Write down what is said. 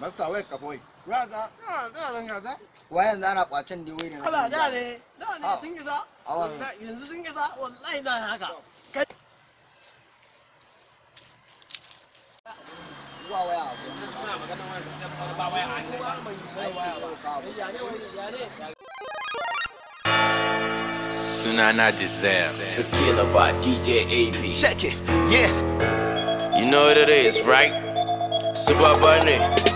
Masa wai ka Raga. haka. ba Sunana Desire. Sakila by DJ AB. Check it. Yeah. You know what it is, right? Super Bunny.